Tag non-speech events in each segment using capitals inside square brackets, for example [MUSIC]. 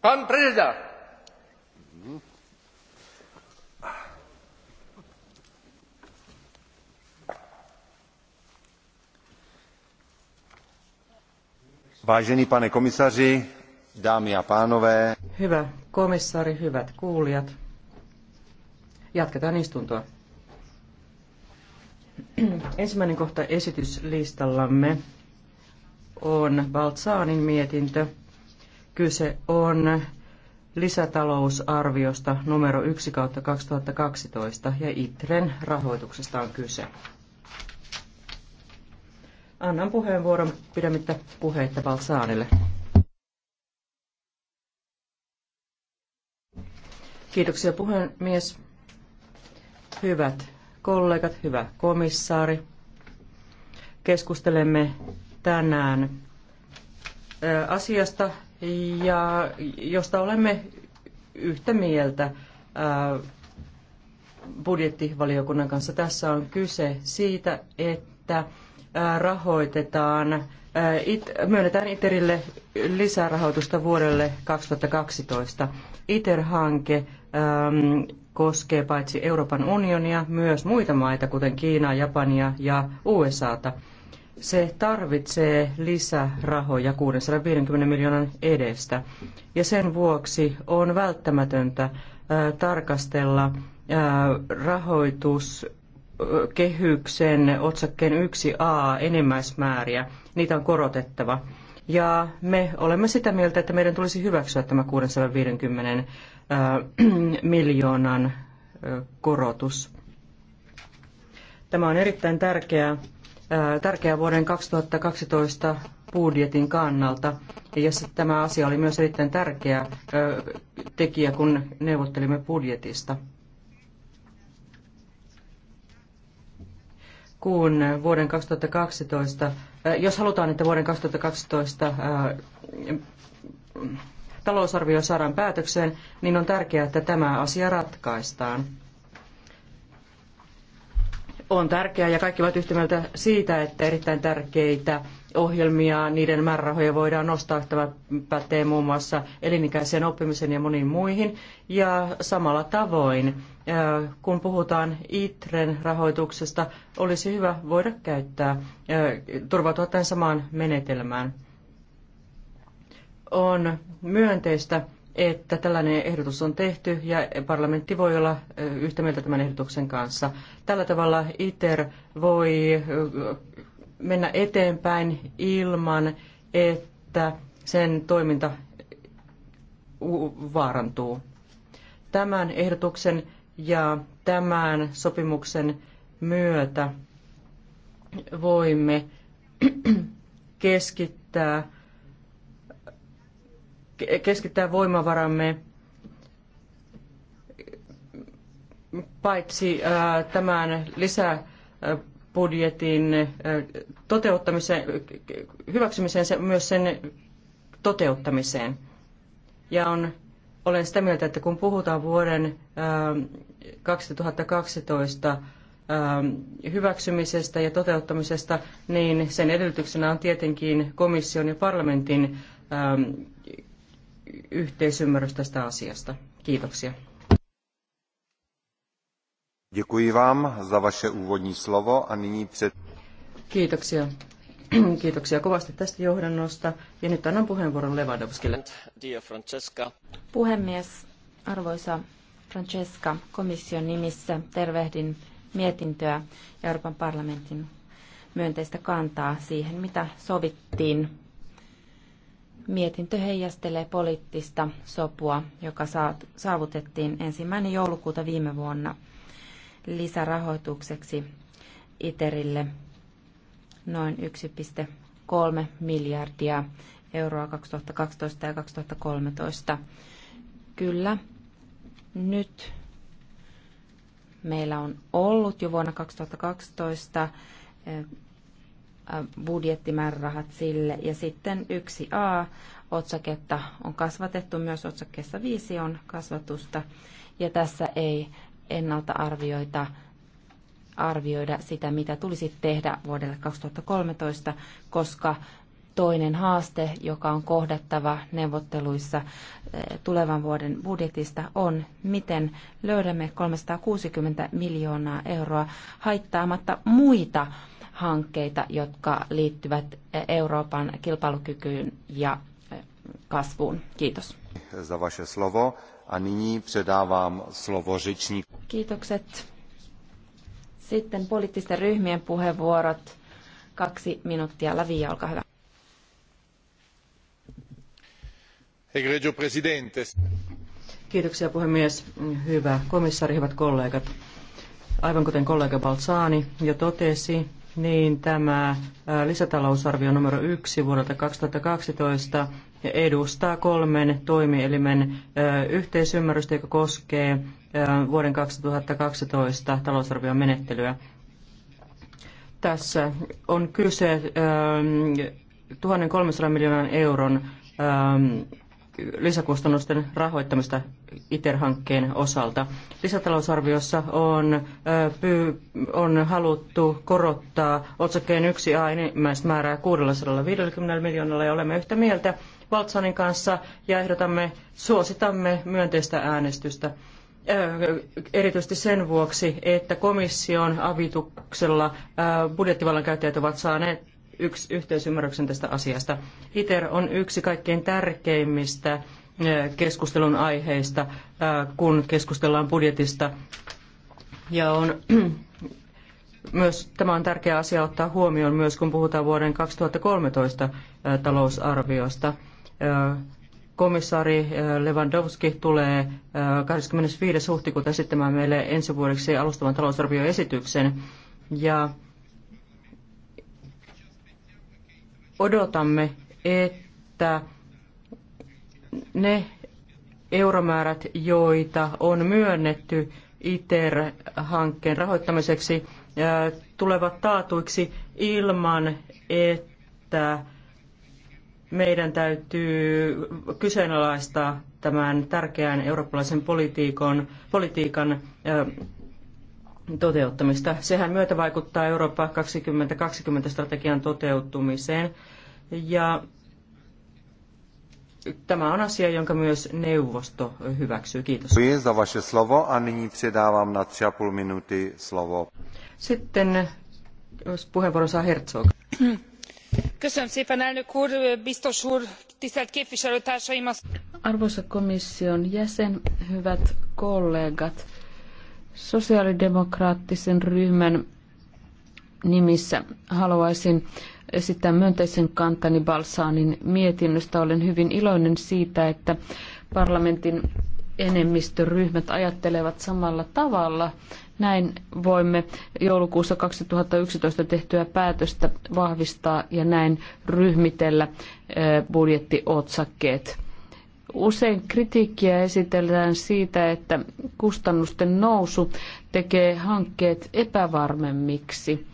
Pan prezident. Vážený pane komisaři, dámy a pánové. Hyvä komissaari, hyvät kuulijat. Jatketaan istuntoa. Ensimmäinen kohta esityslistallamme on Baltsaanin mietintö. Kyse on lisätalousarviosta numero 1 kautta 2012 ja ITREN rahoituksesta on kyse. Annan puheenvuoron pidemmittä puheitta Balsaanille. Kiitoksia puhemies. Hyvät kollegat, hyvä komissaari. Keskustelemme tänään asiasta, ja josta olemme yhtä mieltä budjettivaliokunnan kanssa. Tässä on kyse siitä, että rahoitetaan, myönnetään ITERille lisärahoitusta vuodelle 2012. ITER-hanke koskee paitsi Euroopan unionia myös muita maita, kuten Kiinaa, Japania ja USAta se tarvitsee lisärahoja 650 miljoonan edestä. Ja sen vuoksi on välttämätöntä tarkastella rahoituskehyksen otsakkeen 1a enimmäismääriä. Niitä on korotettava. Ja me olemme sitä mieltä, että meidän tulisi hyväksyä tämä 650 [CLEARS THROAT] miljoonan korotus. Tämä on erittäin tärkeää tärkeä vuoden 2012 budjetin kannalta. Ja tämä asia oli myös erittäin tärkeä tekijä, kun neuvottelimme budjetista. Kun vuoden 2012, jos halutaan, että vuoden 2012 talousarvio saadaan päätökseen, niin on tärkeää, että tämä asia ratkaistaan on tärkeää ja kaikki ovat yhtä mieltä siitä, että erittäin tärkeitä ohjelmia, niiden määrärahoja voidaan nostaa. Tämä pätee muun muassa elinikäiseen oppimiseen ja moniin muihin. Ja samalla tavoin, kun puhutaan ITREn rahoituksesta, olisi hyvä voida käyttää, turvautua tähän samaan menetelmään. On myönteistä, että tällainen ehdotus on tehty ja parlamentti voi olla yhtä mieltä tämän ehdotuksen kanssa. Tällä tavalla ITER voi mennä eteenpäin ilman, että sen toiminta vaarantuu. Tämän ehdotuksen ja tämän sopimuksen myötä voimme [CLEARS THROAT] keskittää keskittää voimavaramme paitsi tämän lisäbudjetin toteuttamiseen, hyväksymiseen, myös sen toteuttamiseen. Ja on, olen sitä mieltä, että kun puhutaan vuoden 2012 hyväksymisestä ja toteuttamisesta, niin sen edellytyksenä on tietenkin komission ja parlamentin yhteisymmärrys tästä asiasta. Kiitoksia. Děkuji vám za vaše úvodní slovo a nyní před... Kiitoksia. [CLEARS THROAT] Kiitoksia kovasti tästä johdannosta. Ja nyt annan puheenvuoron Lewandowskille. Puhemies, arvoisa Francesca, komission nimissä tervehdin mietintöä ja Euroopan parlamentin myönteistä kantaa siihen, mitä sovittiin Mietintö heijastelee poliittista sopua, joka saavutettiin ensimmäinen joulukuuta viime vuonna lisärahoitukseksi ITERille noin 1,3 miljardia euroa 2012 ja 2013. Kyllä, nyt meillä on ollut jo vuonna 2012 Äh, budjettimäärärahat sille. Ja sitten 1a otsaketta on kasvatettu, myös otsakkeessa 5 on kasvatusta. Ja tässä ei ennalta arvioita arvioida sitä, mitä tulisi tehdä vuodelle 2013, koska toinen haaste, joka on kohdattava neuvotteluissa äh, tulevan vuoden budjetista, on miten löydämme 360 miljoonaa euroa haittaamatta muita hankkeita, jotka liittyvät Euroopan kilpailukykyyn ja eh, kasvuun. Kiitos. Za vaše slovo. A nyní předávám slovo řečník. Kiitokset. Sitten poliittisten ryhmien puheenvuorot. Kaksi minuuttia. Lavia, olkaa hyvä. Egregio presidente. Kiitoksia puhemies. Hyvä komissaari, hyvät kollegat. Aivan kuten kollega Balzani jo totesi, niin tämä lisätalousarvio numero yksi vuodelta 2012 edustaa kolmen toimielimen yhteisymmärrystä, joka koskee vuoden 2012 talousarvion menettelyä. Tässä on kyse 1300 miljoonan euron lisäkustannusten rahoittamista ITER-hankkeen osalta. Lisätalousarviossa on, on haluttu korottaa otsakkeen yksi a määrää 650 miljoonalla ja olemme yhtä mieltä Valtsanin kanssa ja ehdotamme, suositamme myönteistä äänestystä erityisesti sen vuoksi, että komission avituksella budjettivallan käyttäjät ovat saaneet yksi yhteisymmärryksen tästä asiasta. ITER on yksi kaikkein tärkeimmistä keskustelun aiheista, kun keskustellaan budjetista. Ja on [CLEARS THROAT] myös tämä on tärkeä asia ottaa huomioon myös, kun puhutaan vuoden 2013 talousarviosta. Komissaari Lewandowski tulee 25. huhtikuuta esittämään meille ensi vuodeksi alustavan talousarvioesityksen. Ja odotamme, että ne euromäärät, joita on myönnetty ITER-hankkeen rahoittamiseksi, äh, tulevat taatuiksi ilman, että meidän täytyy kyseenalaistaa tämän tärkeän eurooppalaisen politiikan, politiikan äh, toteuttamista. Sehän myötä vaikuttaa Eurooppa 2020 strategian toteutumiseen. Ja tämä on asia, jonka myös neuvosto hyväksyy. Kiitos. za vaše slovo a nyní předávám na 3,5 minuty slovo. Sitten puheenvuoro saa Herzog. Köszönöm szépen, elnök úr, biztos úr, tisztelt képviselőtársaim! Arvoisa komission jäsen, hyvät kollegat! Sosiaalidemokraattisen ryhmän nimissä haluaisin esittää myönteisen kantani Balsaanin mietinnöstä. Olen hyvin iloinen siitä, että parlamentin enemmistöryhmät ajattelevat samalla tavalla. Näin voimme joulukuussa 2011 tehtyä päätöstä vahvistaa ja näin ryhmitellä budjettiotsakkeet. Usein kritiikkiä esitellään siitä, että kustannusten nousu tekee hankkeet epävarmemmiksi.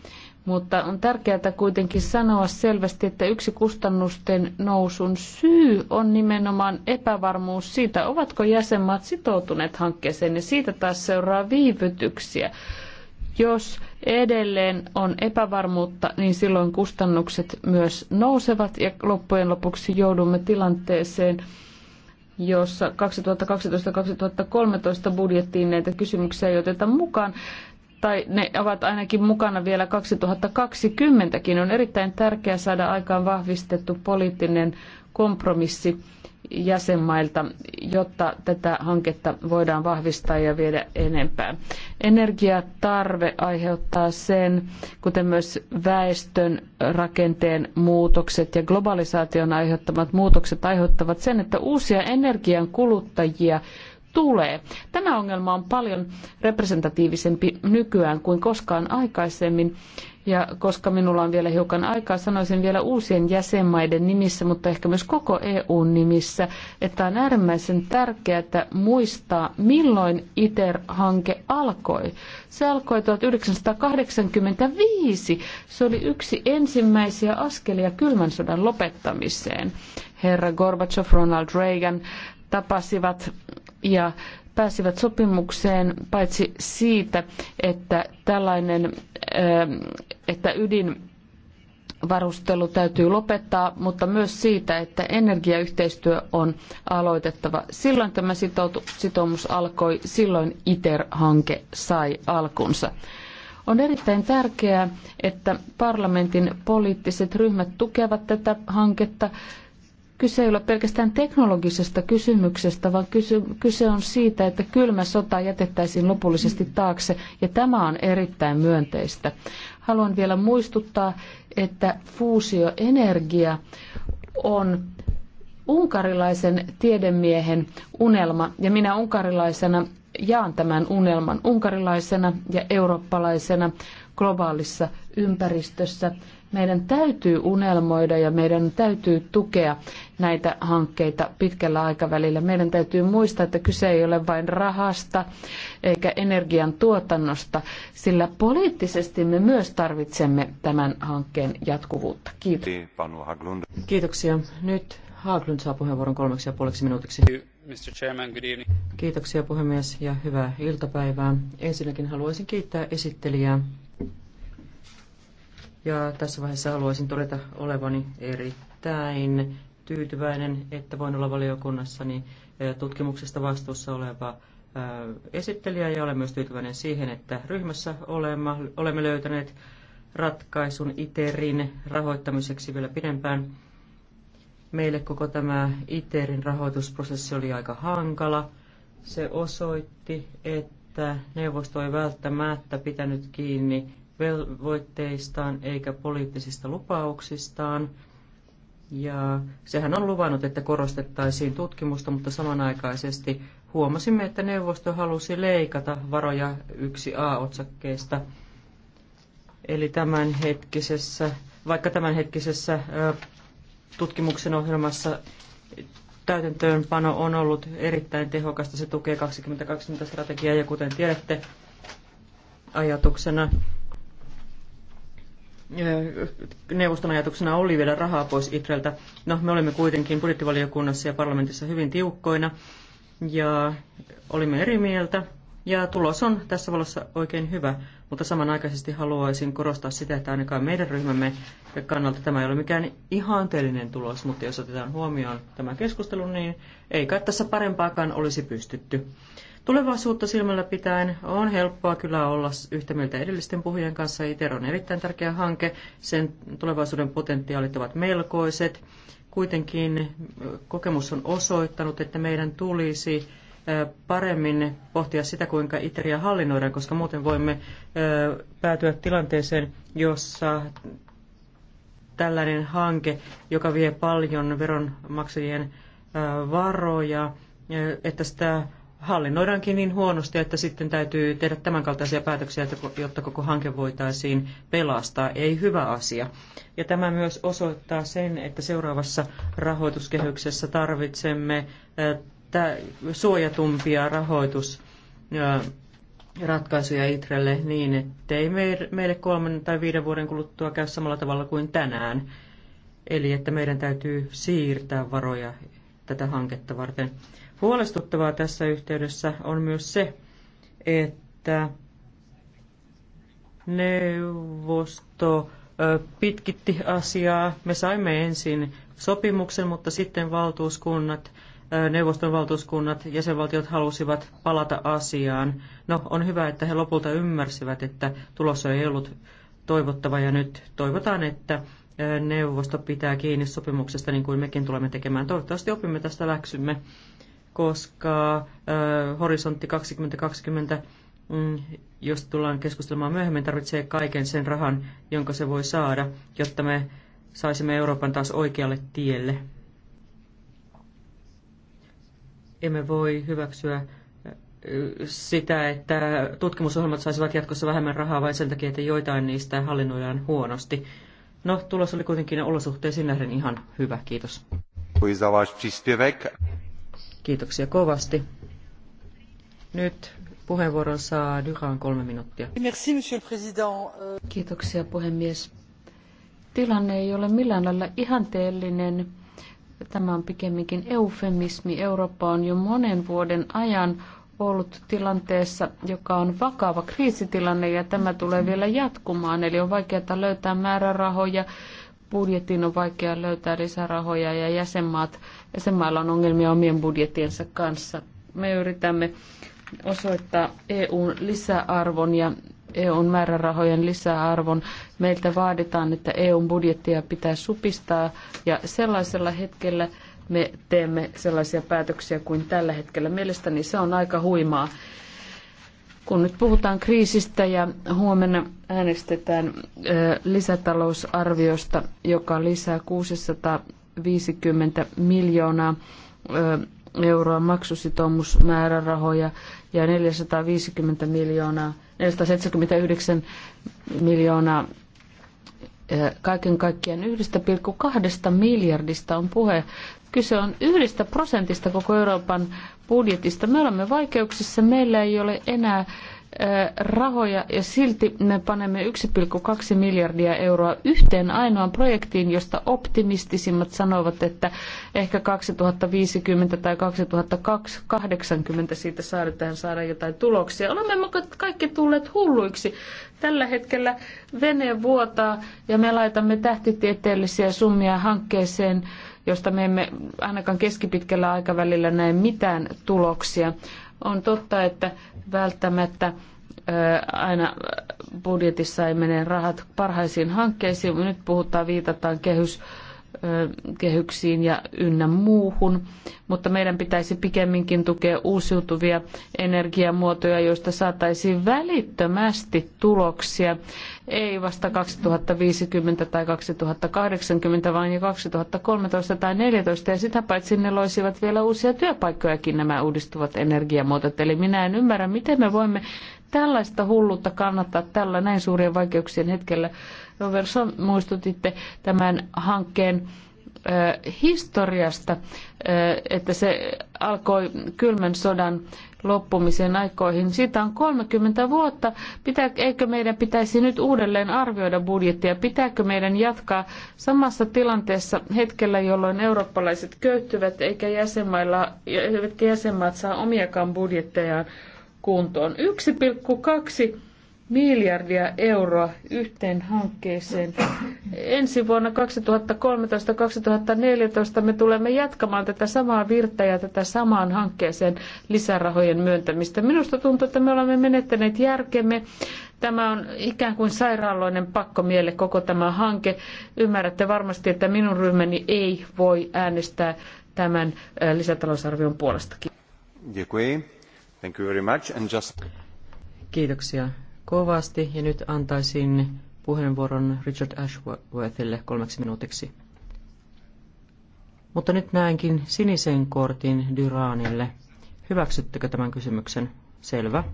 Mutta on tärkeää kuitenkin sanoa selvästi, että yksi kustannusten nousun syy on nimenomaan epävarmuus siitä, ovatko jäsenmaat sitoutuneet hankkeeseen, ja siitä taas seuraa viivytyksiä. Jos edelleen on epävarmuutta, niin silloin kustannukset myös nousevat ja loppujen lopuksi joudumme tilanteeseen, jossa 2012-2013 budjettiin näitä kysymyksiä ei oteta mukaan, tai ne ovat ainakin mukana vielä 2020kin. On erittäin tärkeää saada aikaan vahvistettu poliittinen kompromissi jäsenmailta, jotta tätä hanketta voidaan vahvistaa ja viedä enempää. Energiatarve aiheuttaa sen, kuten myös väestön rakenteen muutokset ja globalisaation aiheuttamat muutokset aiheuttavat sen, että uusia energian kuluttajia tulee. Tämä ongelma on paljon representatiivisempi nykyään kuin koskaan aikaisemmin. Ja koska minulla on vielä hiukan aikaa, sanoisin vielä uusien jäsenmaiden nimissä, mutta ehkä myös koko EUn nimissä, että on äärimmäisen tärkeää muistaa, milloin ITER-hanke alkoi. Se alkoi 1985. Se oli yksi ensimmäisiä askelia kylmän sodan lopettamiseen. Herra Gorbachev, Ronald Reagan tapasivat ja pääsivät sopimukseen paitsi siitä, että tällainen, ähm, että ydin varustelu täytyy lopettaa, mutta myös siitä, että energiayhteistyö on aloitettava. Silloin tämä sitoutu, sitoumus alkoi, silloin ITER-hanke sai alkunsa. On erittäin tärkeää, että parlamentin poliittiset ryhmät tukevat tätä hanketta Kyse ei ole pelkästään teknologisesta kysymyksestä, vaan kyse, on siitä, että kylmä sota jätettäisiin lopullisesti taakse, ja tämä on erittäin myönteistä. Haluan vielä muistuttaa, että fuusioenergia on unkarilaisen tiedemiehen unelma, ja minä unkarilaisena jaan tämän unelman unkarilaisena ja eurooppalaisena globaalissa ympäristössä. Meidän täytyy unelmoida ja meidän täytyy tukea näitä hankkeita pitkällä aikavälillä. Meidän täytyy muistaa, että kyse ei ole vain rahasta eikä energian tuotannosta, sillä poliittisesti me myös tarvitsemme tämän hankkeen jatkuvuutta. Kiitos. Kiitoksia. Nyt Haaglund saa puheenvuoron kolmeksi ja puoleksi minuutiksi. Mr. Chairman, good evening. Kiitoksia puhemies ja hyvää iltapäivää. Ensinnäkin haluaisin kiittää esittelijää ja tässä vaiheessa haluaisin todeta olevani erittäin tyytyväinen, että voin olla valiokunnassani eh, tutkimuksesta vastuussa oleva eh, esittelijä ja olen myös tyytyväinen siihen, että ryhmässä olemme löytäneet ratkaisun ITERin rahoittamiseksi vielä pidempään. Meille koko tämä ITERin rahoitusprosessi oli aika hankala. Se osoitti, että neuvosto ei välttämättä pitänyt kiinni velvoitteistaan eikä poliittisista lupauksistaan. Ja sehän on luvannut, että korostettaisiin tutkimusta, mutta samanaikaisesti huomasimme, että neuvosto halusi leikata varoja 1A-otsakkeesta. Eli tämänhetkisessä, vaikka tämänhetkisessä tutkimuksen ohjelmassa täytäntöönpano on ollut erittäin tehokasta, se tukee 2020 strategiaa ja kuten tiedätte, ajatuksena neuvoston ajatuksena oli viedä rahaa pois Itreltä. No, me olimme kuitenkin budjettivaliokunnassa ja parlamentissa hyvin tiukkoina ja olimme eri mieltä. Ja tulos on tässä valossa oikein hyvä, mutta samanaikaisesti haluaisin korostaa sitä, että ainakaan meidän ryhmämme kannalta tämä ei ole mikään ihanteellinen tulos, mutta jos otetaan huomioon tämä keskustelu, niin ei kai tässä parempaakaan olisi pystytty. Tulevaisuutta silmällä pitäen on helppoa kyllä olla yhtä mieltä edellisten puhujien kanssa. ITER on erittäin tärkeä hanke. Sen tulevaisuuden potentiaalit ovat melkoiset. Kuitenkin kokemus on osoittanut, että meidän tulisi paremmin pohtia sitä, kuinka ITERiä hallinnoidaan, koska muuten voimme päätyä tilanteeseen, jossa tällainen hanke, joka vie paljon veronmaksajien varoja, että sitä hallinnoidaankin niin huonosti, että sitten täytyy tehdä tämänkaltaisia päätöksiä, jotta koko hanke voitaisiin pelastaa. Ei hyvä asia. Ja tämä myös osoittaa sen, että seuraavassa rahoituskehyksessä tarvitsemme suojatumpia rahoitusratkaisuja Itrelle niin, ettei meille kolmen tai viiden vuoden kuluttua käy samalla tavalla kuin tänään. Eli että meidän täytyy siirtää varoja tätä hanketta varten. Huolestuttavaa tässä yhteydessä on myös se, että neuvosto pitkitti asiaa. Me saimme ensin sopimuksen, mutta sitten valtuuskunnat, neuvoston valtuuskunnat, jäsenvaltiot halusivat palata asiaan. No, on hyvä, että he lopulta ymmärsivät, että tulossa ei ollut toivottava ja nyt toivotaan, että neuvosto pitää kiinni sopimuksesta niin kuin mekin tulemme tekemään. Toivottavasti opimme tästä läksymme koska Horisontti 2020, mm, josta tullaan keskustelemaan myöhemmin, tarvitsee kaiken sen rahan, jonka se voi saada, jotta me saisimme Euroopan taas oikealle tielle. Emme voi hyväksyä sitä, että tutkimusohjelmat saisivat jatkossa vähemmän rahaa vain sen takia, että joitain niistä hallinnoidaan huonosti. No, tulos oli kuitenkin olosuhteisiin nähden ihan hyvä. Kiitos. Kiitoksia kovasti. Nyt puheenvuoron saa Duran kolme minuuttia. Kiitoksia puhemies. Tilanne ei ole millään lailla ihanteellinen. Tämä on pikemminkin eufemismi. Eurooppa on jo monen vuoden ajan ollut tilanteessa, joka on vakava kriisitilanne ja tämä tulee vielä jatkumaan. Eli on vaikeaa löytää määrärahoja budjettiin on vaikea löytää lisärahoja ja jäsenmaat, jäsenmailla on ongelmia omien budjettiensa kanssa. Me yritämme osoittaa EUn lisäarvon ja EUn määrärahojen lisäarvon. Meiltä vaaditaan, että EUn budjettia pitää supistaa ja sellaisella hetkellä me teemme sellaisia päätöksiä kuin tällä hetkellä. Mielestäni se on aika huimaa. Kun nyt puhutaan kriisistä ja huomenna äänestetään lisätalousarviosta, joka lisää 650 miljoonaa euroa maksusitoumusmäärärahoja ja 450 miljoonaa, 479 miljoonaa Kaiken kaikkiaan 1,2 miljardista on puhe. Kyse on yhdestä prosentista koko Euroopan budjetista. Me olemme vaikeuksissa, meillä ei ole enää rahoja ja silti me panemme 1,2 miljardia euroa yhteen ainoaan projektiin, josta optimistisimmat sanovat, että ehkä 2050 tai 2080 siitä saadaan saada jotain tuloksia. Olemme kaikki tulleet hulluiksi. Tällä hetkellä vene vuotaa ja me laitamme tähtitieteellisiä summia hankkeeseen, josta me emme ainakaan keskipitkällä aikavälillä näe mitään tuloksia. On totta, että välttämättä aina budjetissa ei mene rahat parhaisiin hankkeisiin. Nyt puhutaan, viitataan kehys kehyksiin ja ynnä muuhun, mutta meidän pitäisi pikemminkin tukea uusiutuvia energiamuotoja, joista saataisiin välittömästi tuloksia, ei vasta 2050 tai 2080, vaan jo 2013 tai 2014, ja sitä paitsi ne loisivat vielä uusia työpaikkojakin nämä uudistuvat energiamuotot. Eli minä en ymmärrä, miten me voimme tällaista hulluutta kannattaa tällä näin suurien vaikeuksien hetkellä Roverson muistutitte tämän hankkeen historiasta, että se alkoi kylmän sodan loppumisen aikoihin. Siitä on 30 vuotta. Pitää, eikö meidän pitäisi nyt uudelleen arvioida budjettia? Pitääkö meidän jatkaa samassa tilanteessa hetkellä, jolloin eurooppalaiset köyhtyvät, eikä jäsenmailla, jäsenmaat saa omiakaan budjettejaan kuntoon? 1,2 miljardia euroa yhteen hankkeeseen. Ensi vuonna 2013-2014 me tulemme jatkamaan tätä samaa virta ja tätä samaan hankkeeseen lisärahojen myöntämistä. Minusta tuntuu, että me olemme menettäneet järkemme. Tämä on ikään kuin sairaaloinen pakkomielle koko tämä hanke. Ymmärrätte varmasti, että minun ryhmäni ei voi äänestää tämän lisätalousarvion puolestakin. Kiitoksia kovasti ja nyt antaisin puheenvuoron Richard Ashworthille kolmeksi minuutiksi. Mutta nyt näenkin sinisen kortin Duranille. Hyväksyttekö tämän kysymyksen? Selvä.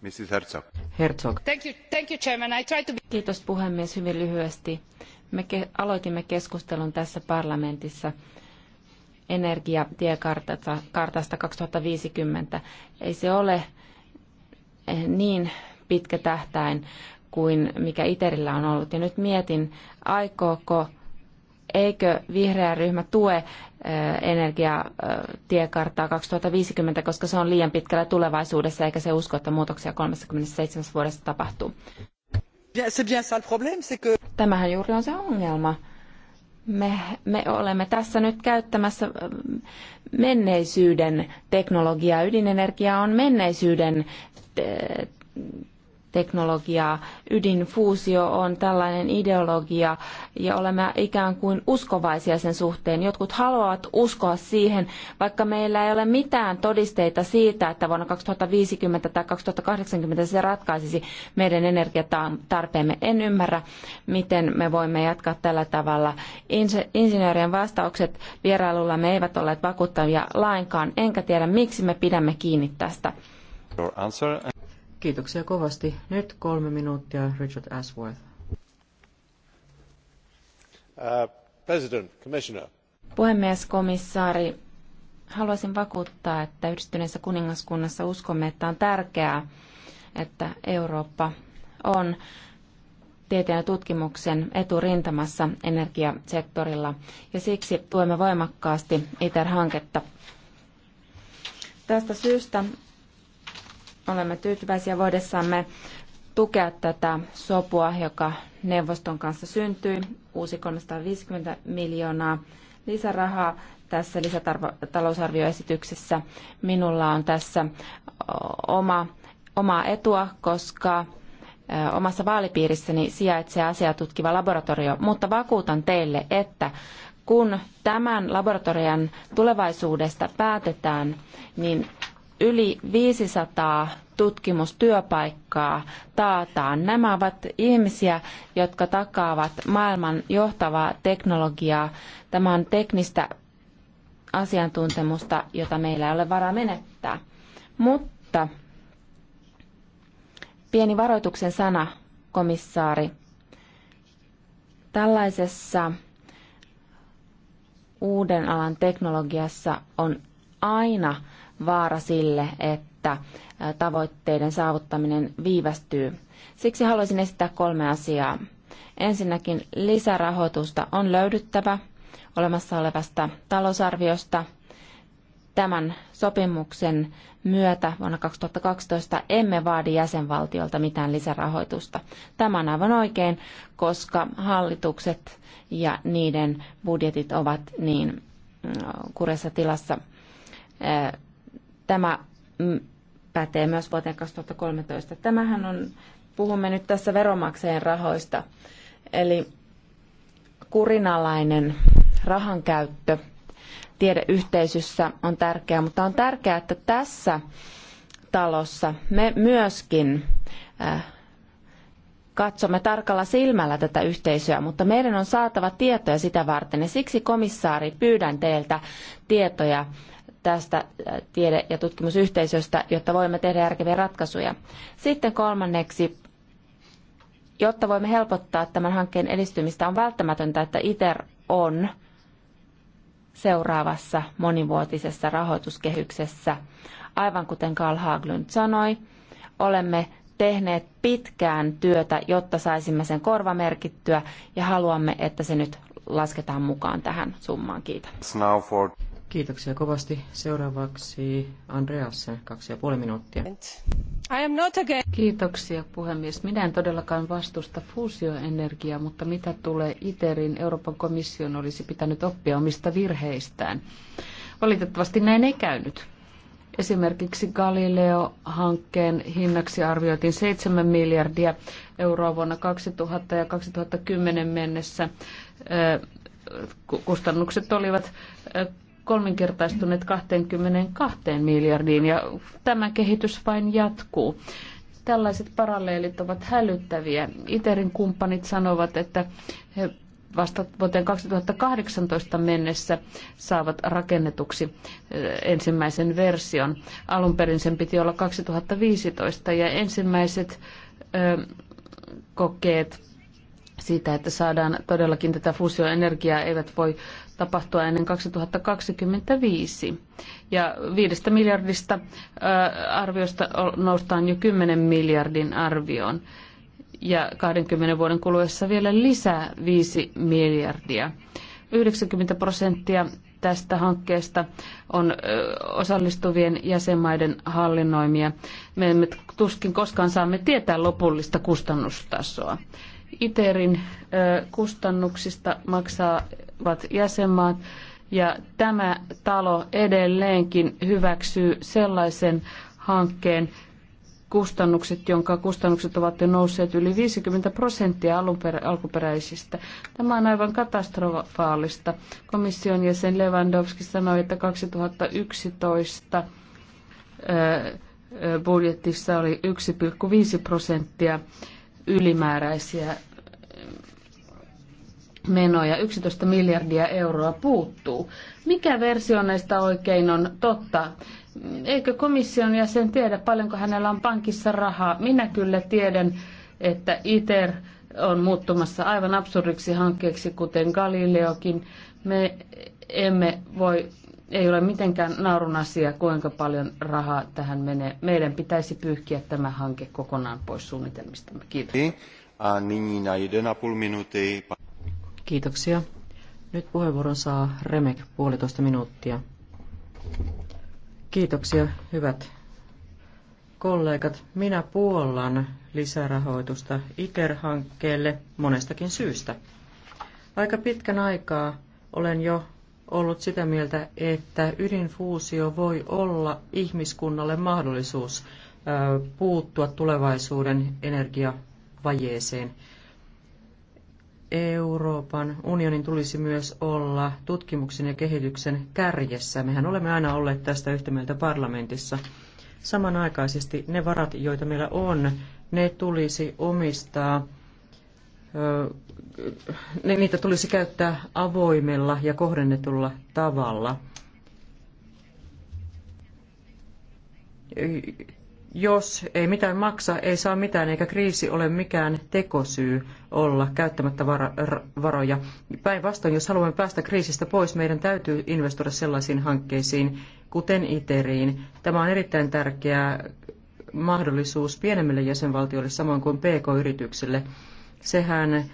Mrs. Herzog. Herzog. Thank you, thank you, Chairman. I try to be... Kiitos puhemies hyvin lyhyesti. Me ke- aloitimme keskustelun tässä parlamentissa energiatiekartasta 2050. Ei se ole Eh, niin pitkä tähtäin kuin mikä Iterillä on ollut. Ja nyt mietin, aikooko, eikö vihreä ryhmä tue eh, energiatiekarttaa 2050, koska se on liian pitkällä tulevaisuudessa, eikä se usko, että muutoksia 37 vuodessa tapahtuu. Tämähän juuri on se ongelma me, me olemme tässä nyt käyttämässä menneisyyden teknologiaa. Ydinenergia on menneisyyden te- teknologiaa. Ydinfuusio on tällainen ideologia ja olemme ikään kuin uskovaisia sen suhteen. Jotkut haluavat uskoa siihen, vaikka meillä ei ole mitään todisteita siitä, että vuonna 2050 tai 2080 se ratkaisisi meidän energiatarpeemme. En ymmärrä, miten me voimme jatkaa tällä tavalla. Insinöörien vastaukset vierailulla me eivät olleet vakuuttavia lainkaan, enkä tiedä miksi me pidämme kiinni tästä. Kiitoksia kovasti. Nyt kolme minuuttia Richard Ashworth. Uh, President, Commissioner. Puhemies, komissaari, haluaisin vakuuttaa, että yhdistyneessä kuningaskunnassa uskomme, että on tärkeää, että Eurooppa on tieteen ja tutkimuksen eturintamassa energiasektorilla ja siksi tuemme voimakkaasti ITER-hanketta. Tästä syystä olemme tyytyväisiä voidessamme tukea tätä sopua, joka neuvoston kanssa syntyi. Uusi 350 miljoonaa lisärahaa tässä lisätalousarvioesityksessä. Minulla on tässä oma, omaa etua, koska omassa vaalipiirissäni sijaitsee asiaa tutkiva laboratorio, mutta vakuutan teille, että kun tämän laboratorian tulevaisuudesta päätetään, niin yli 500 tutkimustyöpaikkaa taataan. Nämä ovat ihmisiä, jotka takaavat maailman johtavaa teknologiaa. Tämä on teknistä asiantuntemusta, jota meillä ei ole varaa menettää. Mutta pieni varoituksen sana, komissaari. Tällaisessa uuden alan teknologiassa on aina vaara sille, että tavoitteiden saavuttaminen viivästyy. Siksi haluaisin esittää kolme asiaa. Ensinnäkin lisärahoitusta on löydyttävä olemassa olevasta talousarviosta. Tämän sopimuksen myötä vuonna 2012 emme vaadi jäsenvaltiolta mitään lisärahoitusta. Tämä on aivan oikein, koska hallitukset ja niiden budjetit ovat niin mm, kuressa tilassa Tämä mm, pätee myös vuoteen 2013. Tämähän on, puhumme nyt tässä veromaksajien rahoista, eli kurinalainen rahankäyttö tiedeyhteisössä on tärkeää, mutta on tärkeää, että tässä talossa me myöskin äh, katsomme tarkalla silmällä tätä yhteisöä, mutta meidän on saatava tietoja sitä varten ja siksi komissaari pyydän teiltä tietoja tästä äh, tiede- ja tutkimusyhteisöstä, jotta voimme tehdä järkeviä ratkaisuja. Sitten kolmanneksi, jotta voimme helpottaa tämän hankkeen edistymistä, on välttämätöntä, että ITER on seuraavassa monivuotisessa rahoituskehyksessä. Aivan kuten Karl Haglund sanoi, olemme tehneet pitkään työtä, jotta saisimme sen korvamerkittyä ja haluamme, että se nyt lasketaan mukaan tähän summaan. Kiitän. Kiitoksia kovasti. Seuraavaksi Andreas, kaksi ja puoli minuuttia. I am not again. Kiitoksia puhemies. Minä en todellakaan vastusta fuusioenergiaa, mutta mitä tulee ITERin, Euroopan komission olisi pitänyt oppia omista virheistään. Valitettavasti näin ei käynyt. Esimerkiksi Galileo-hankkeen hinnaksi arvioitiin 7 miljardia euroa vuonna 2000 ja 2010 mennessä. Kustannukset olivat kolminkertaistuneet 22 miljardiin ja tämä kehitys vain jatkuu. Tällaiset paralleelit ovat hälyttäviä. ITERin kumppanit sanovat, että he vasta vuoteen 2018 mennessä saavat rakennetuksi eh, ensimmäisen version. Alun perin sen piti olla 2015 ja ensimmäiset eh, kokeet siitä, että saadaan todellakin tätä fuusioenergiaa, eivät voi tapahtua ennen 2025. Ja viidestä miljardista arviosta noustaan jo 10 miljardin arvioon. Ja 20 vuoden kuluessa vielä lisää 5 miljardia. 90 prosenttia tästä hankkeesta on osallistuvien jäsenmaiden hallinnoimia. Me emme tuskin koskaan saamme tietää lopullista kustannustasoa. ITERin kustannuksista maksaa ovat jäsenmaat. Ja tämä talo edelleenkin hyväksyy sellaisen hankkeen kustannukset, jonka kustannukset ovat jo nousseet yli 50 prosenttia alkuperäisistä. Tämä on aivan katastrofaalista. Komission jäsen Lewandowski sanoi, että 2011 budjetissa oli 1,5 prosenttia ylimääräisiä menoja, 11 miljardia euroa puuttuu. Mikä versio näistä oikein on totta? Eikö komission jäsen tiedä, paljonko hänellä on pankissa rahaa? Minä kyllä tiedän, että ITER on muuttumassa aivan absurdiksi hankkeeksi, kuten Galileokin. Me emme voi, ei ole mitenkään naurun asia, kuinka paljon rahaa tähän menee. Meidän pitäisi pyyhkiä tämä hanke kokonaan pois suunnitelmistamme. Kiitos. A nyní na 1,5 minuty Kiitoksia. Nyt puheenvuoron saa Remek puolitoista minuuttia. Kiitoksia, hyvät kollegat. Minä puollan lisärahoitusta iker hankkeelle monestakin syystä. Aika pitkän aikaa olen jo ollut sitä mieltä, että ydinfuusio voi olla ihmiskunnalle mahdollisuus puuttua tulevaisuuden energiavajeeseen – Euroopan unionin tulisi myös olla tutkimuksen ja kehityksen kärjessä. Mehän olemme aina olleet tästä yhtä mieltä parlamentissa. Samanaikaisesti ne varat, joita meillä on, ne tulisi omistaa, ne, niitä tulisi käyttää avoimella ja kohdennetulla tavalla jos ei mitään maksa, ei saa mitään, eikä kriisi ole mikään tekosyy olla käyttämättä varoja. Päinvastoin, jos haluamme päästä kriisistä pois, meidän täytyy investoida sellaisiin hankkeisiin, kuten ITERiin. Tämä on erittäin tärkeä mahdollisuus pienemmille jäsenvaltioille, samoin kuin PK-yrityksille. Sehän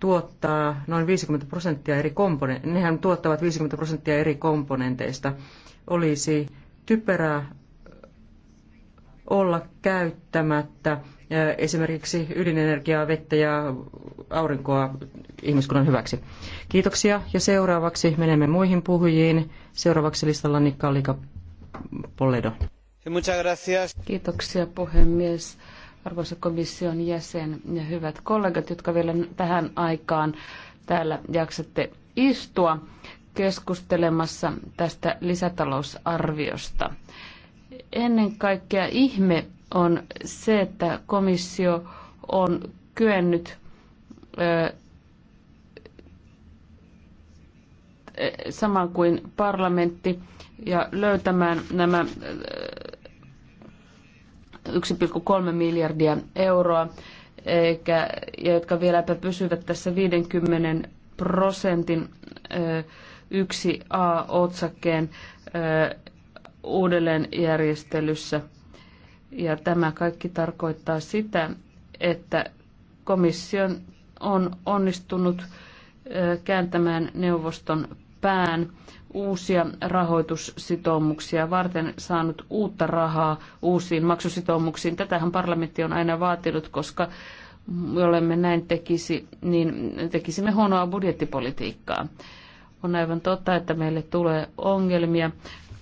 tuottaa noin 50 prosenttia eri komponenteista, nehän tuottavat 50 prosenttia eri komponenteista. Olisi typerää olla käyttämättä esimerkiksi ydinenergiaa, vettä ja aurinkoa ihmiskunnan hyväksi. Kiitoksia ja seuraavaksi menemme muihin puhujiin. Seuraavaksi listalla Nikka Lika Polledo. Kiitoksia puhemies arvoisa komission jäsen ja hyvät kollegat, jotka vielä tähän aikaan täällä jaksatte istua keskustelemassa tästä lisätalousarviosta. Ennen kaikkea ihme on se, että komissio on kyennyt saman kuin parlamentti ja löytämään nämä 1,3 miljardia euroa, eikä, ja jotka vieläpä pysyvät tässä 50 prosentin 1A-otsakkeen uudelleenjärjestelyssä. Ja tämä kaikki tarkoittaa sitä, että komission on onnistunut kääntämään neuvoston pään uusia rahoitussitoumuksia varten saanut uutta rahaa uusiin maksusitoumuksiin. Tätähän parlamentti on aina vaatinut, koska jollemme näin tekisi, niin tekisimme huonoa budjettipolitiikkaa. On aivan totta, että meille tulee ongelmia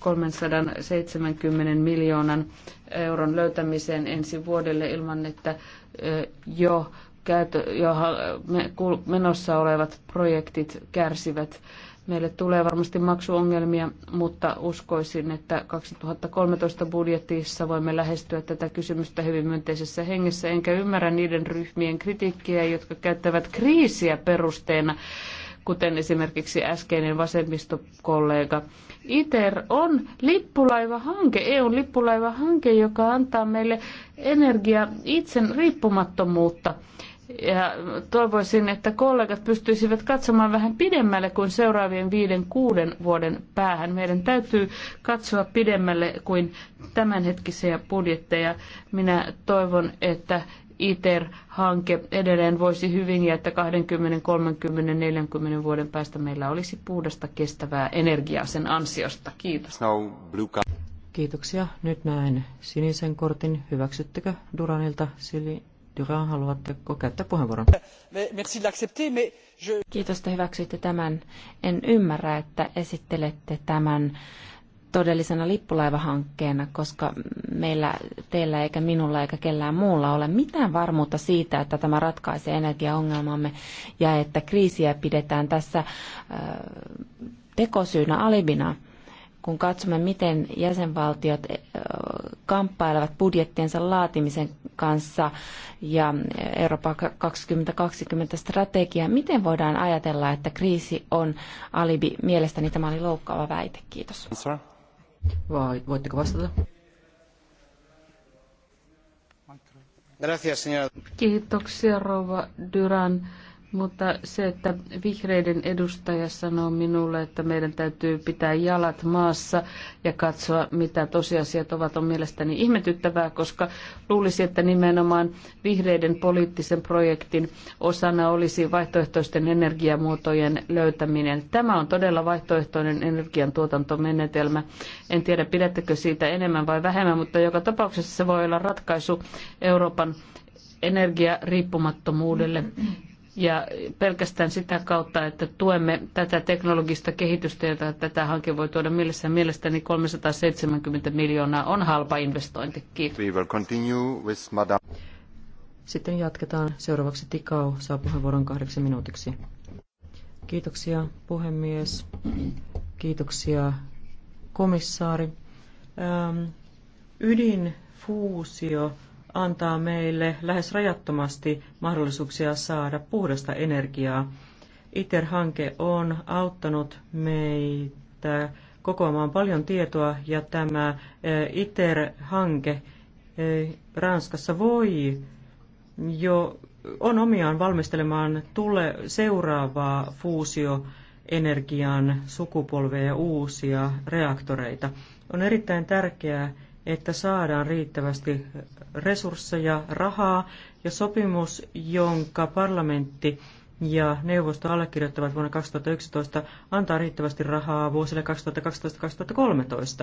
370 miljoonan euron löytämiseen ensi vuodelle ilman, että jo, menossa olevat projektit kärsivät. Meille tulee varmasti maksuongelmia, mutta uskoisin, että 2013 budjetissa voimme lähestyä tätä kysymystä hyvin myönteisessä hengessä, enkä ymmärrä niiden ryhmien kritiikkiä, jotka käyttävät kriisiä perusteena kuten esimerkiksi äskeinen vasemmistokollega. ITER on lippulaivahanke, EUn lippulaivahanke, joka antaa meille energia itsen riippumattomuutta. Ja toivoisin, että kollegat pystyisivät katsomaan vähän pidemmälle kuin seuraavien viiden, kuuden vuoden päähän. Meidän täytyy katsoa pidemmälle kuin tämänhetkisiä budjetteja. Minä toivon, että ITER-hanke edelleen voisi hyvin ja että 20, 30, 40 vuoden päästä meillä olisi puhdasta kestävää energiaa sen ansiosta. Kiitos. Kiitoksia. Nyt näen sinisen kortin. Hyväksyttekö Duranilta? Sili Duran, haluatteko käyttää puheenvuoron? Kiitos, että hyväksyitte tämän. En ymmärrä, että esittelette tämän todellisena lippulaivahankkeena, koska meillä, teillä eikä minulla eikä kellään muulla ole mitään varmuutta siitä, että tämä ratkaisee energiaongelmamme ja että kriisiä pidetään tässä äh, tekosyynä alibina. Kun katsomme, miten jäsenvaltiot äh, kamppailevat budjettiensa laatimisen kanssa ja Euroopan 2020 strategia, miten voidaan ajatella, että kriisi on alibi? Mielestäni tämä oli loukkaava väite. Kiitos. Vai, voitteko vastata? Kiitoksia, rouva Duran. Mutta se, että vihreiden edustaja sanoo minulle, että meidän täytyy pitää jalat maassa ja katsoa, mitä tosiasiat ovat, on mielestäni ihmetyttävää, koska luulisi, että nimenomaan vihreiden poliittisen projektin osana olisi vaihtoehtoisten energiamuotojen löytäminen. Tämä on todella vaihtoehtoinen energiantuotantomenetelmä. En tiedä, pidättekö siitä enemmän vai vähemmän, mutta joka tapauksessa se voi olla ratkaisu Euroopan energiariippumattomuudelle ja pelkästään sitä kautta, että tuemme tätä teknologista kehitystä, jota tätä hanke voi tuoda mielessä. Mielestäni 370 miljoonaa on halpa investointi. Kiitos. Sitten jatketaan. Seuraavaksi Tikau saa puheenvuoron kahdeksi minuutiksi. Kiitoksia puhemies. Kiitoksia komissaari. Ähm, ydinfuusio antaa meille lähes rajattomasti mahdollisuuksia saada puhdasta energiaa. ITER-hanke on auttanut meitä kokoamaan paljon tietoa ja tämä eh, ITER-hanke eh, Ranskassa voi jo on omiaan valmistelemaan tule seuraavaa fuusioenergian sukupolvea ja uusia reaktoreita. On erittäin tärkeää, että saadaan riittävästi resursseja, rahaa ja sopimus, jonka parlamentti ja neuvosto allekirjoittavat vuonna 2011, antaa riittävästi rahaa vuosille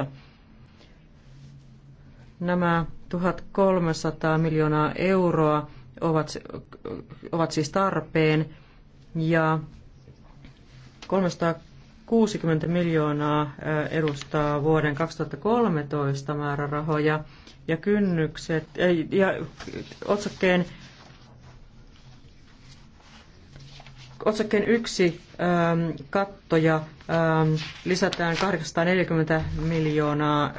2012-2013. Nämä 1300 miljoonaa euroa ovat, ovat siis tarpeen ja 300 60 miljoonaa edustaa vuoden 2013 määrärahoja ja kynnykset, ja otsakkeen, otsakkeen yksi äm, kattoja äm, lisätään 840 miljoonaa ä,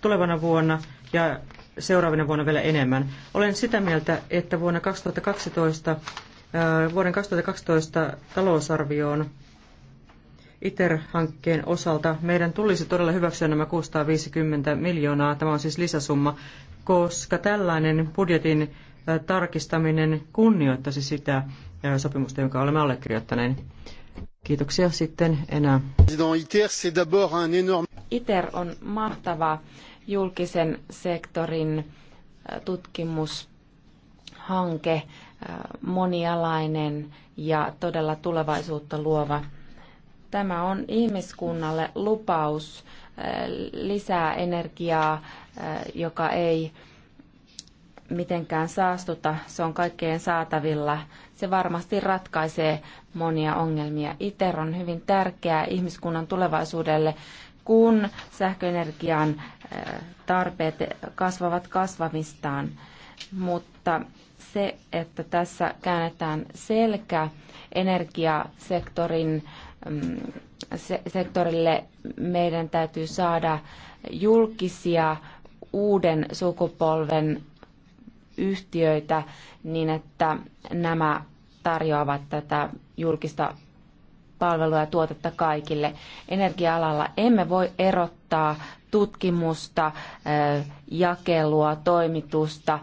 tulevana vuonna ja seuraavana vuonna vielä enemmän. Olen sitä mieltä, että vuonna 2012, ä, vuoden 2012 talousarvioon ITER-hankkeen osalta meidän tulisi todella hyväksyä nämä 650 miljoonaa, tämä on siis lisäsumma, koska tällainen budjetin tarkistaminen kunnioittaisi sitä sopimusta, jonka olemme allekirjoittaneet. Kiitoksia sitten enää. ITER on mahtava julkisen sektorin tutkimushanke, monialainen ja todella tulevaisuutta luova Tämä on ihmiskunnalle lupaus eh, lisää energiaa, eh, joka ei mitenkään saastuta. Se on kaikkeen saatavilla. Se varmasti ratkaisee monia ongelmia. ITER on hyvin tärkeää ihmiskunnan tulevaisuudelle, kun sähköenergian eh, tarpeet kasvavat kasvamistaan. Mutta se, että tässä käännetään selkä energiasektorin Mm, sektorille meidän täytyy saada julkisia uuden sukupolven yhtiöitä niin, että nämä tarjoavat tätä julkista palvelua ja tuotetta kaikille. Energia-alalla emme voi erottaa tutkimusta, jakelua, toimitusta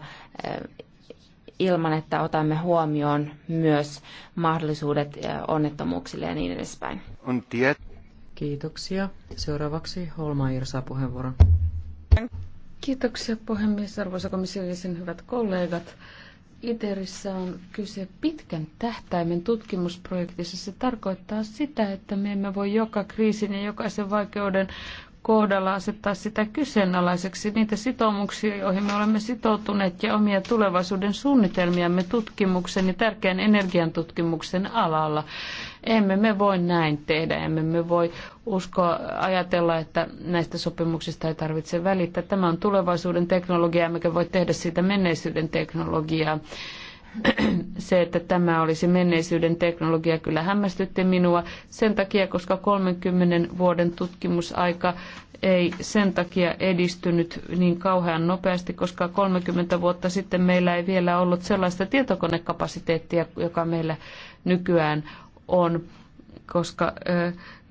ilman, että otamme huomioon myös mahdollisuudet eh, onnettomuuksille ja niin edespäin. On tiet. Kiitoksia. Seuraavaksi Holmaier saa puheenvuoron. Kiitoksia puhemies, arvoisa komission hyvät kollegat. ITERissä on kyse pitkän tähtäimen tutkimusprojektissa. Se tarkoittaa sitä, että me emme voi joka kriisin ja jokaisen vaikeuden kohdalla asettaa sitä kyseenalaiseksi, niitä sitoumuksia, joihin me olemme sitoutuneet ja omia tulevaisuuden suunnitelmiamme tutkimuksen ja tärkeän energiantutkimuksen alalla. Emme me voi näin tehdä, emme me voi uskoa ajatella, että näistä sopimuksista ei tarvitse välittää. Tämä on tulevaisuuden teknologia, emmekä voi tehdä siitä menneisyyden teknologiaa. [CLEARS THROAT] se, että tämä olisi menneisyyden teknologia, kyllä hämmästytti minua sen takia, koska 30 vuoden tutkimusaika ei sen takia edistynyt niin kauhean nopeasti, koska 30 vuotta sitten meillä ei vielä ollut sellaista tietokonekapasiteettia, joka meillä nykyään on koska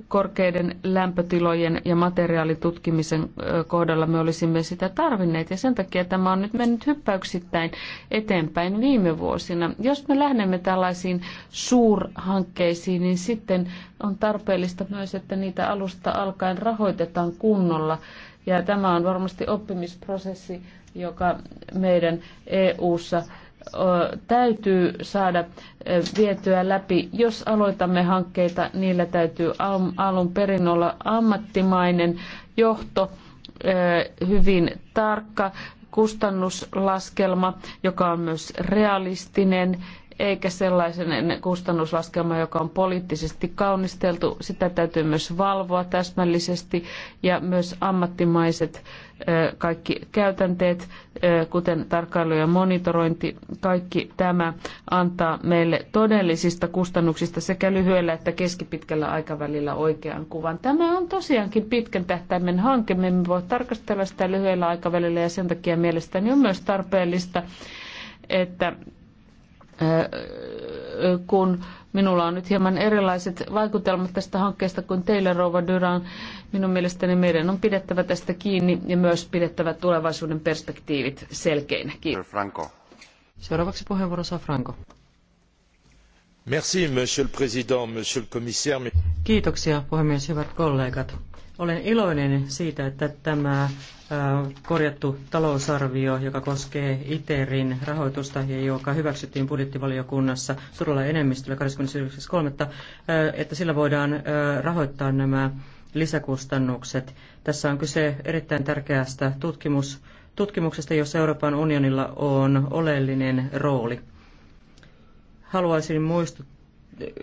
korkeiden lämpötilojen ja materiaalitutkimisen kohdalla me olisimme sitä tarvinneet. Ja sen takia tämä on nyt mennyt hyppäyksittäin eteenpäin viime vuosina. Jos me lähdemme tällaisiin suurhankkeisiin, niin sitten on tarpeellista myös, että niitä alusta alkaen rahoitetaan kunnolla. Ja tämä on varmasti oppimisprosessi, joka meidän EU-ssa täytyy saada vietyä läpi. Jos aloitamme hankkeita, niillä täytyy alun perin olla ammattimainen johto, hyvin tarkka kustannuslaskelma, joka on myös realistinen eikä sellaisen kustannuslaskelma, joka on poliittisesti kaunisteltu. Sitä täytyy myös valvoa täsmällisesti ja myös ammattimaiset kaikki käytänteet, kuten tarkkailu ja monitorointi, kaikki tämä antaa meille todellisista kustannuksista sekä lyhyellä että keskipitkällä aikavälillä oikean kuvan. Tämä on tosiaankin pitkän tähtäimen hanke. Me emme voi tarkastella sitä lyhyellä aikavälillä ja sen takia mielestäni on myös tarpeellista, että Äh, kun minulla on nyt hieman erilaiset vaikutelmat tästä hankkeesta kuin teillä, Rouva Dyran. Minun mielestäni meidän on pidettävä tästä kiinni ja myös pidettävä tulevaisuuden perspektiivit selkeinä. Kiitos. Franco. Seuraavaksi puheenvuoro saa Franco. Kiitoksia puhemies, hyvät kollegat. Olen iloinen siitä, että tämä äh, korjattu talousarvio, joka koskee ITERin rahoitusta ja joka hyväksyttiin budjettivaliokunnassa suurella enemmistöllä 29.3., äh, että sillä voidaan äh, rahoittaa nämä lisäkustannukset. Tässä on kyse erittäin tärkeästä tutkimus, tutkimuksesta, jossa Euroopan unionilla on oleellinen rooli haluaisin, muistu,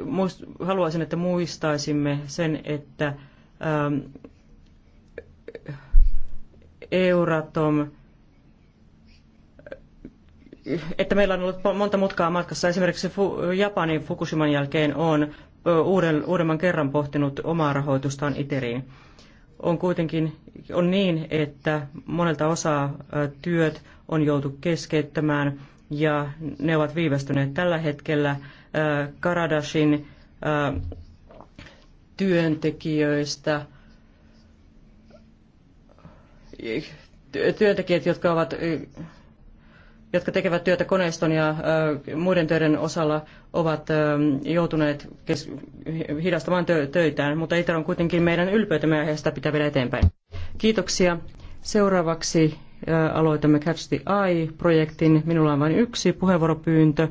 muist, haluaisin että muistaisimme sen, että ähm, Euratom, että meillä on ollut monta mutkaa matkassa. Esimerkiksi Japanin Fukushiman jälkeen on uuden, uudemman kerran pohtinut omaa rahoitustaan ITERiin. On kuitenkin on niin, että monelta osaa työt on joutu keskeyttämään ja ne ovat viivästyneet tällä hetkellä. Karadashin työntekijöistä, työntekijät, jotka, ovat, jotka tekevät työtä koneiston ja muiden töiden osalla, ovat joutuneet hidastamaan töitään, mutta Itä on kuitenkin meidän ylpeytemme ja sitä pitää vielä eteenpäin. Kiitoksia. Seuraavaksi Äh, aloitamme Catch the Eye-projektin. Minulla on vain yksi puheenvuoropyyntö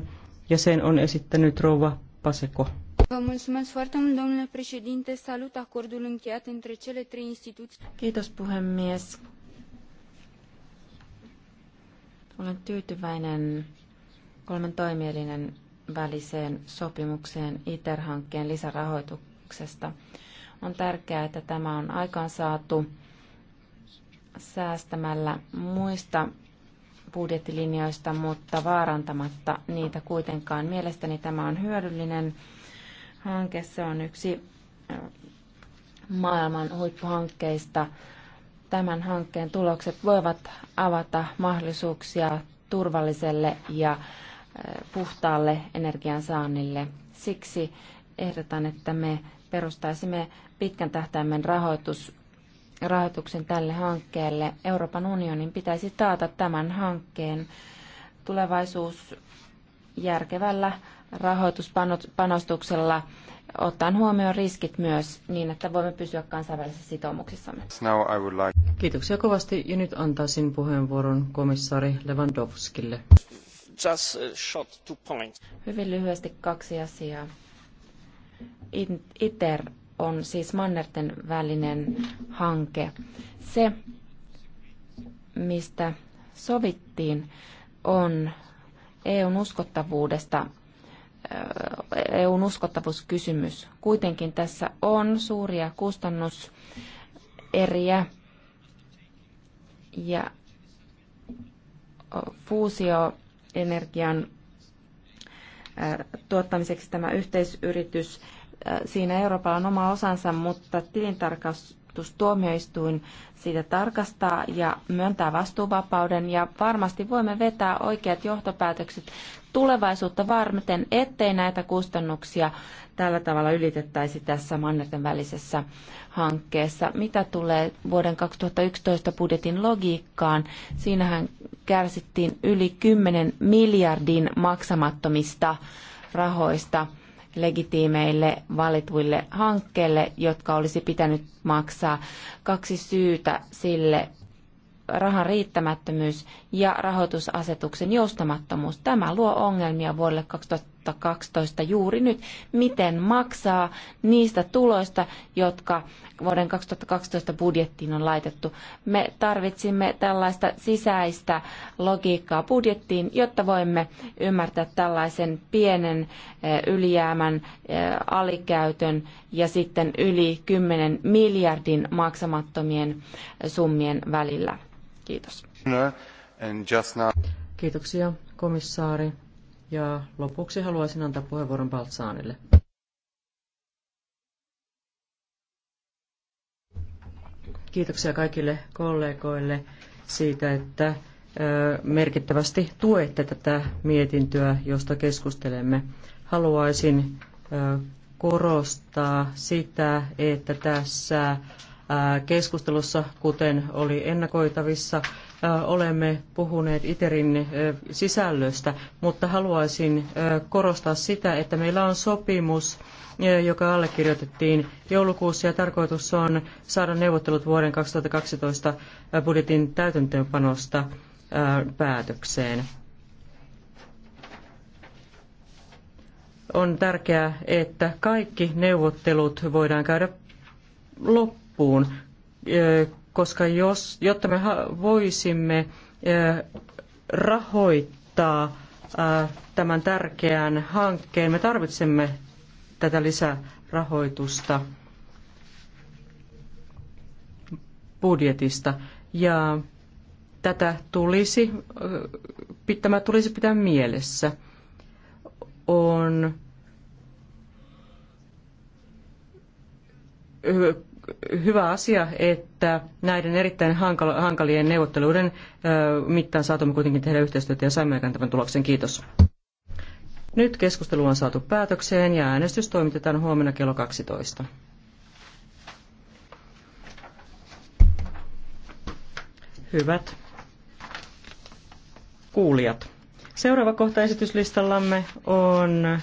ja sen on esittänyt rouva Paseko. Kiitos puhemies. Olen tyytyväinen kolmen toimielinen väliseen sopimukseen ITER-hankkeen lisärahoituksesta. On tärkeää, että tämä on aikaansaatu säästämällä muista budjettilinjoista, mutta vaarantamatta niitä kuitenkaan. Mielestäni tämä on hyödyllinen hanke. Se on yksi maailman huippuhankkeista. Tämän hankkeen tulokset voivat avata mahdollisuuksia turvalliselle ja puhtaalle energiansaannille. Siksi ehdotan, että me perustaisimme pitkän tähtäimen rahoitus rahoituksen tälle hankkeelle. Euroopan unionin pitäisi taata tämän hankkeen tulevaisuus järkevällä rahoituspanostuksella ottaen huomioon riskit myös niin, että voimme pysyä kansainvälisissä sitoumuksissamme. Like... Kiitoksia kovasti ja nyt antaisin puheenvuoron komissaari Lewandowskille. Just short two points. Hyvin lyhyesti kaksi asiaa. ITER on siis mannerten välinen hanke. Se, mistä sovittiin, on EUn uskottavuudesta EUn uskottavuuskysymys. Kuitenkin tässä on suuria kustannuseriä ja fuusioenergian tuottamiseksi tämä yhteisyritys Siinä Euroopalla on oma osansa, mutta tilintarkastustuomioistuin siitä tarkastaa ja myöntää vastuuvapauden ja varmasti voimme vetää oikeat johtopäätökset tulevaisuutta varmiten, ettei näitä kustannuksia tällä tavalla ylitettäisi tässä mannerten välisessä hankkeessa. Mitä tulee vuoden 2011 budjetin logiikkaan, siinähän kärsittiin yli 10 miljardin maksamattomista rahoista – legitiimeille valituille hankkeille, jotka olisi pitänyt maksaa. Kaksi syytä sille rahan riittämättömyys ja rahoitusasetuksen joustamattomuus. Tämä luo ongelmia vuodelle 2000 2012 juuri nyt, miten maksaa niistä tuloista, jotka vuoden 2012 budjettiin on laitettu. Me tarvitsimme tällaista sisäistä logiikkaa budjettiin, jotta voimme ymmärtää tällaisen pienen eh, ylijäämän eh, alikäytön ja sitten yli 10 miljardin maksamattomien eh, summien välillä. Kiitos. Kiitoksia komissaari. Ja lopuksi haluaisin antaa puheenvuoron Baltsaanille. Kiitoksia kaikille kollegoille siitä, että merkittävästi tuette tätä mietintöä, josta keskustelemme. Haluaisin korostaa sitä, että tässä keskustelussa, kuten oli ennakoitavissa, olemme puhuneet ITERin sisällöstä, mutta haluaisin korostaa sitä, että meillä on sopimus, joka allekirjoitettiin joulukuussa ja tarkoitus on saada neuvottelut vuoden 2012 budjetin täytäntöönpanosta päätökseen. On tärkeää, että kaikki neuvottelut voidaan käydä loppuun koska jos, jotta me voisimme rahoittaa tämän tärkeän hankkeen, me tarvitsemme tätä lisärahoitusta budjetista. Ja tätä tulisi, tämä tulisi pitää mielessä. On hyvä asia, että näiden erittäin hankalien neuvotteluiden mittaan saatumme kuitenkin tehdä yhteistyötä ja saimme aikaan tämän tuloksen. Kiitos. Nyt keskustelu on saatu päätökseen ja äänestys toimitetaan huomenna kello 12. Hyvät kuulijat. Seuraava kohta esityslistallamme on